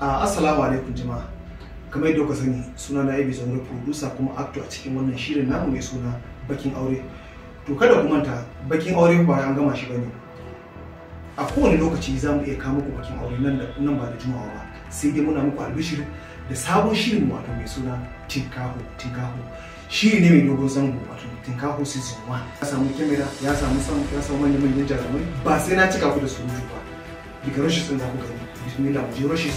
assalamu alaikum jama'a kamar yadda kuka sani suna na yabi zaune producer kuma actor a cikin wannan shirin namu mai suna bakin aure to kada ku manta bakin aure ba an gama shi bane a kowane lokaci za mu iya kawo muku bakin aure nan ba da juma'a ba sai dai muna muku albishir da sabon shirin wato mai suna tinkaho tinkaho Shi ne mai dogon zango wato tinkaho season 1 ya samu kamera ya samu samu ya samu manyan manyan jarumai ba sai na cika ku da surutu ba daga rashin sun za ku gani bismillah mu je rashin